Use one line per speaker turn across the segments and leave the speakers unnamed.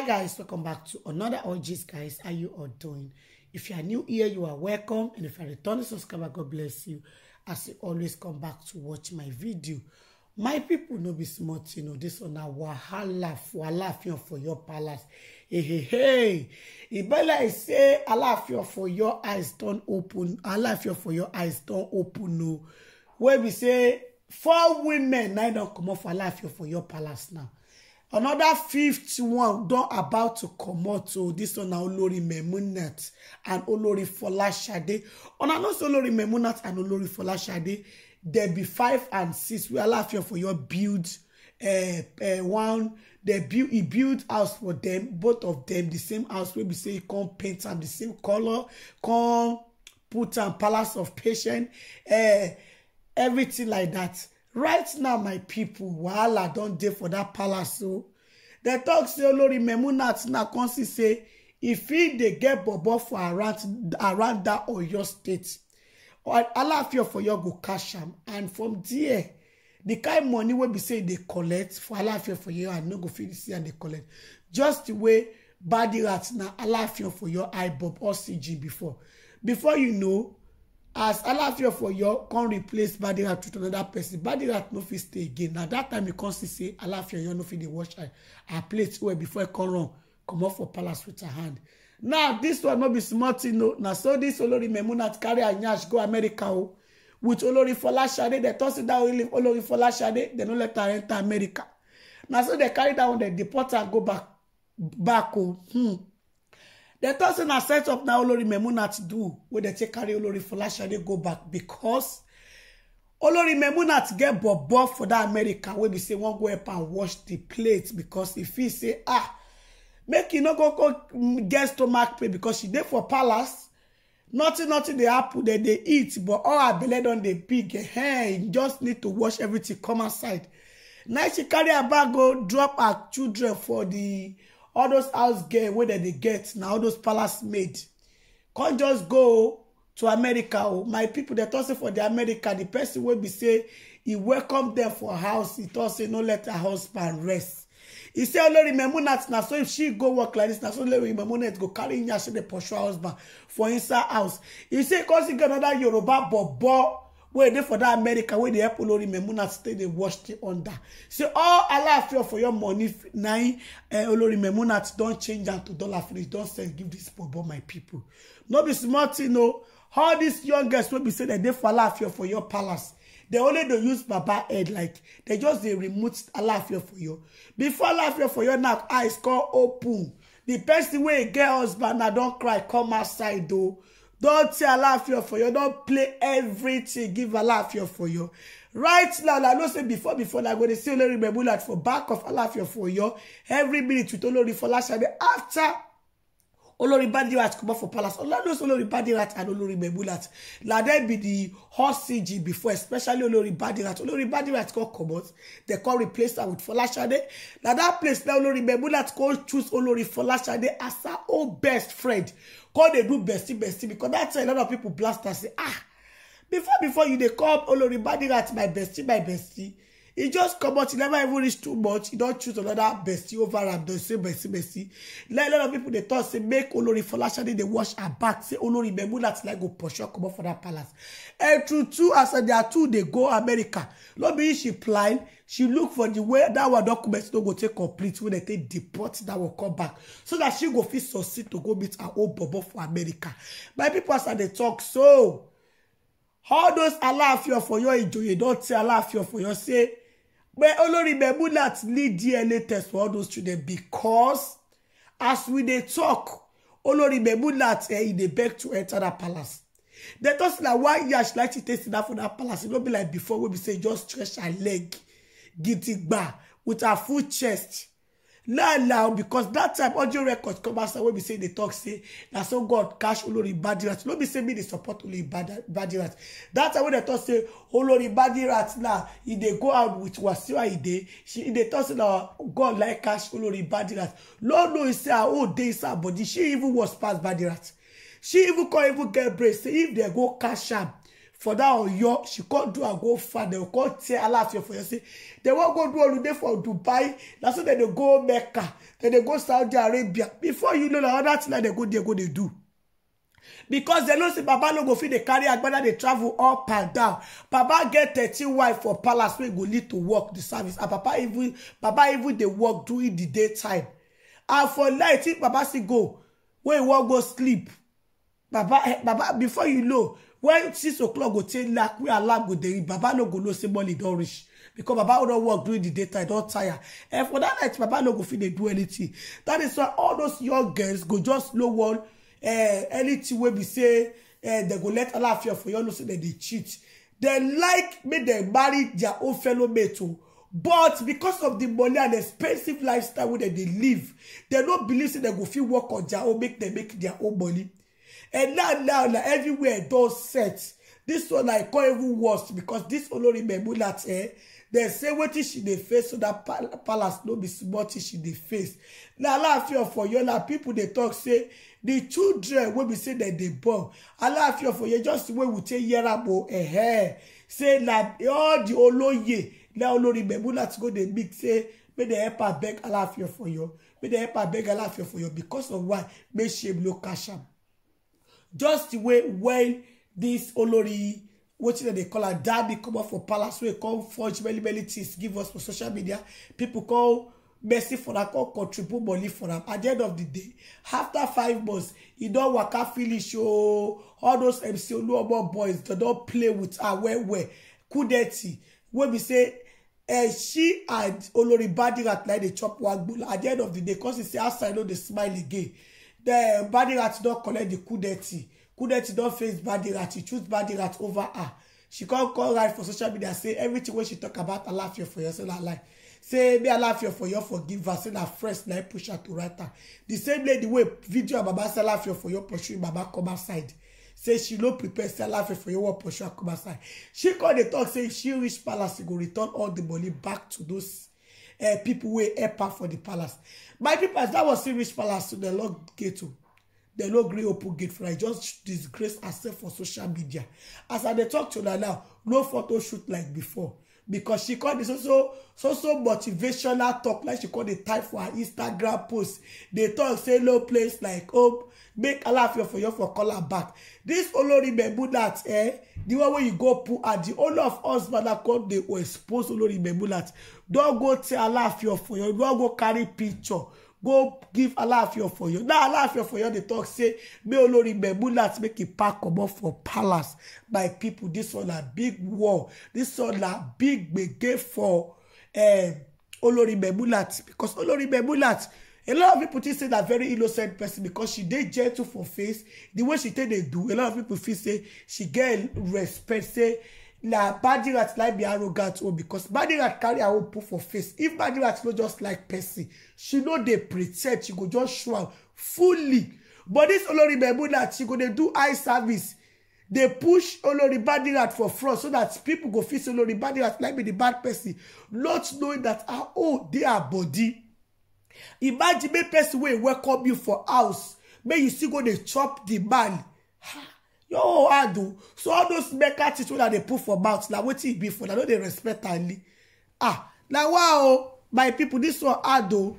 hi guys welcome back to another OGS. guys how you all doing if you are new here you are welcome and if you are returning subscriber god bless you as you always come back to watch my video my people no be smart, you know, this one na wahala for Alaafin for your palace hey hey hey ibella is say Alaafin for your eyes don't open Alaafin for your eyes don't open no Where we say four women na e don't come off Alaafin for your palace now another fifth one don about to comot to this one na olori memunat and olori folashade una know say olori memunat and olori folashade There be five and six wey alaafin for your build uh, uh, one dem build e build house for them. both of them the same house wey be say e come paint am the same colour come put am palace of patience uh, everything like that right now my people, wahala don dey for dat palace o oh. dem talk say olori memunat na come see say e fit dey get bobo for around around dat oyo state alaafin of oyo go cash am and from there the kind money wey be say e dey collect for alaafin for oyo i no go fit see am dey collect just the way badirat na alaafin for oyo ibob or cg before before you know as Alaafin of Oyo come replace Badirat with another person Badirat no fit stay again na that time e come see say Alaafin Oyo no fit dey wash eye her plate well before e come run comot for palace with her hand now this one no be small tin o na so this Olori Memunat carry her nyash go America o oh. with Olori Folashade dem talk say that Olori Folashade dem no let her enter America na so dem carry that one dem deport her go back back o oh. hmm dem tok say na set up na olori memunat do wey they take carry olori folashade go back becos olori memunat get bobo for that america Where we say wan go up and wash the plate because if he say ah make e no go go get stomach pay because she dey for palace nothing nothing they apple that they eat but all her belle on the big Hey, eh, just need to wash everything come outside now she carry her bag go drop her children for the all those house girl wey dem dey get na all those palace maid come just go to america o my people, dem tok say for di america di person wey be say e welcome dem for house e tok say no let her husband rest e say olori memunat na so if she go work like dis na so olori memunat go carry her she dey pursue her husband for inside house e say e come see get anoda yoruba bobo wey dey for dat america wey dey help olori memuna stay dey watch the under say all alaafin for your money na olori eh, memuna don change am to dollar finish don send give dis bobo my pipo no be small tin o all dis young girls wey be say dem dey for alaafin for your palace dem only dey use baba head like dem just dey remove alaafin for your before alaafin for your now eyes come open The person wey get husband na don cry come outside o. Don't say Alaafin for you. Don't play everything. Give Alaafin for you. Right now, I know say before, before, like when to see Olori Memulat for back of Alaafin for you. every minute with Olori time after Olori Bandirat come up for palace. Allah knows Olori Bandirat and Olori Memulat. Now them be the hostage before, especially Olori Bandirat. Olori Bandirat come come out. They come replace her with Folashade. Now that place now Olori Memulat come choose Olori Folashade as her own best friend. Call they do bestie bestie because that's a lot of people blast and say, ah, before before you dey call Olori Bandirat my bestie my bestie. He just come out. He never even reach too much. He don't choose another bestie over and Don't say bestie, bestie. Like a lot of people, they talk, say, make Olori Folashade, they wash her back. Say, Olori Memuna, till I go push her, come out for that palace. And true, too, as there are two, they go America. Not be she blind. She look for the way that one document don't go take complete when they take deport that will come back. So that she go feel so sick to go meet her own bubble for America. My people, as they talk, so all those fear for Alaafin of you don't say tell fear for Oyo say pé olórí memunat need DNA test for all those children because as we dey talk olórí memunat eh, e dey beg to enter that palace dem talk say na one year she like to take sit down for that palace e no be like before wey be say just stretch her leg gidigba with her full chest now now because that time audio records come outside when we say they talk say that so god catch olori rats no be say me dey support only olori rats that time when they talk say olori rats now if they go out with wasiu ayinde she e dey talk say na god like catch olori rats lord know he say her own dey inside body she even was pass rats she even come even get brace say if they go cash am for that Oyo. She can't do and go far. They will call tear Allah for you see. They won't go do holiday for Dubai. That's why they go Mecca. Then they go Saudi Arabia. Before you know the other thing that they go, they go, they do. Because they know say Baba no go fit dey carry agbada dey travel up and down. Baba get thirty wife for palace wey go need to work the service. And Papa even Baba even dey work during the daytime. And for night, if Baba still go, wey wan go sleep. Baba, eh, Baba, before you know, when six o'clock go take lack wey alarm go dey ring baba no go know say money don reach because baba don work during the daytime don tire and for that night baba no go fit dey do anything that is why all those young girls go just know one uh, anything wey be say uh, dem go let Allah fear for you know say they dey cheat They like make they marry their own fellow mate o oh. but because of the money and expensive lifestyle wey they dey live they no believe say they go fit work on their own make they make their own money and now now now everywhere don set This one i call even worse becos dis olori memunat eh they say what is she dey face so dat palace no be small thing she dey face na alaafin of now people they talk say di children wey be say dem dey born alaafin of you, just wey we take hear am o oh, eh say na all di oloye na olori memunat go dey meet say may they help her beg alaafin of you, may they help her beg alaafin of you because of why may shame no catch am just the way when this olori what they dey call her daddy up for palace wey come forge belly belly things give us for social media People call Messi for am call triple money for am at the end of the day after five months e don't work out finish Oh, all those mc oluomo boys that don't play with her Where where? kudeti wey be say eh, she and olori badirat like dey chop one bull. at the end of the day cos e say outside no dey smile again the body Badirat don collect the Kudeti. Kudeti don face body Badirat. She choose body Badirat over her. She come call right for social media say everything wey she talk about Alaafin of Oyo say na lie. Say be Alaafin for Oyo forgive her say na friends na push her to write her. The same lady wey video Baba say laugh Alaafin of Oyo pursue Baba come outside. say she no prepare laugh life for your work pursue come outside she call dey talk say if she reach palace she go return all the money back to those uh, people wey help her for the palace my people as that was still reach palace dem lock gate o oh. dem no gree open gate for i just disgrace herself for social media as i dey talk to una now no photo shoot like before because she call the so so so so motivational talk like she call the type for her instagram post dey talk say no place like home make allah fear for you for call her back dis oloribembu that eh The one wey you go pull at the owner of us brother come dey expose oloribembu that. don go tell allah fear for you don go carry picture go give alaafin for you now alaafin for you dey talk say make olori that make e pack comot for palace by people This one na big war This one na big gbege for um, olori that because olori that a lot of people think say na very innocent person because she dey gentle for face the way she take dey do a lot of people feel say she get respect say na badirat like be arrogant o oh, because badirat carry her own put for face if badirat no just like person she no dey pretend she go just show am fully but this olori memuna she go dey do eye service dey push olori badirat for front so that people go feel say olori badirat like be the bad person not knowing that her own dey her body imagine make person wey welcome you for house make you still go dey chop the man Yo, I do. so all those mecca things that they put for mouth na wetin e be for na no respect am ah now wow, oh, my people this one I do. Oh.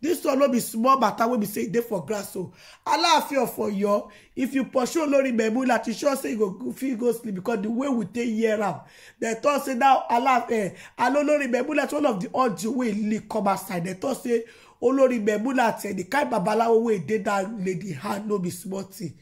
This one no be small matter wey be say e dey for grass o alaafin of oyo if you pursue olori memula to sure say you go fit go sleep because the way we take hear am they thought say now eh. alaafin alolori memula one of the audio wey e leak come aside. They thought say oh olori memula the kind of babalawo way e dey that lady hand no be small thing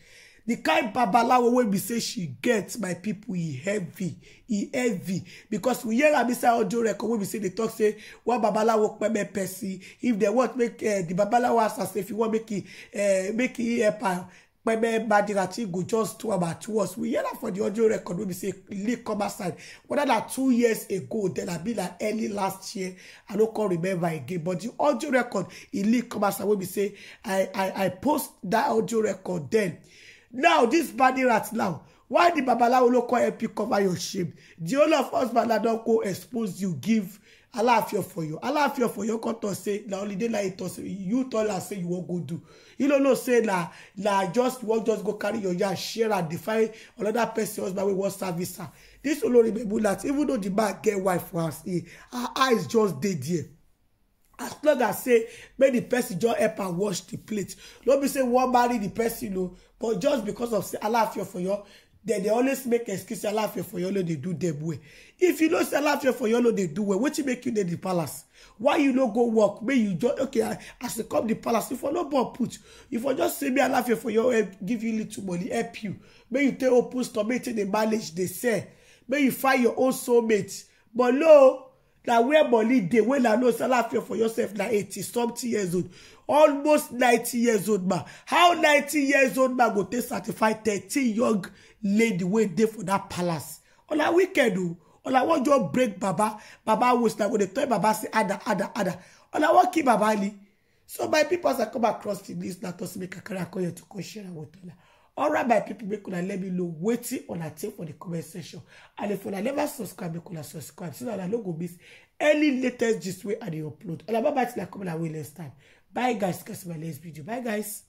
the kind babalawo wey be say she get my people, e heavy e heavy because we hear am inside audio record wey be say dey talk say one babalawo peme pesin if dem want make eh, the babalawo ask am say if you want make e eh, make e help am pẹmẹ badirati go just two about two us. we hear am for the audio record wey be say leak come outside whether na two years ago then abi na early last year i no come remember again but the audio record e leak come outside wey be say i i i post that audio record then now this body rat now why the babalawo no come help you cover your shame The whole of us bala don't go expose you give alaafin for you alaafin for you come talk say the only day like talk say you told us say you won't go do you no know say na na just won't just go carry your yarn share and defy another person by way wan service am this olori memulat even though the man get wife for house her eyes just dead there as long as say make the person just help am wash the plate no be say wan marry the person o but just because of say for ofoyo Then they always make excuse say alaafia No, dey do dem well if you know say for alaafia no, dey do well wetin make you dey the palace why you no go work make you just okay as you come the palace you for no born put you for just say me for alaafia ofoyo give you little money help you make you take open store make you take dey manage dey sell make you find your own soulmate but no na where money dey wey na no fear for yourself na eighty, something years old almost ninety years old man how ninety years old man go take certify 13 young lady wey dey for dat palace on a weekend o oh. on a wan just break baba baba waist na go dey tell baba say ada ada ada on a wan kill baba ali. so my pipo as i come across di list na tosi make i carry to come share am with una alright my people make una let me know on una team for the comment section and if una never subscribe make una subscribe so that una no go miss any latest gist way at the upload And bye bye till i come una next time bye guys catch my next video bye guys.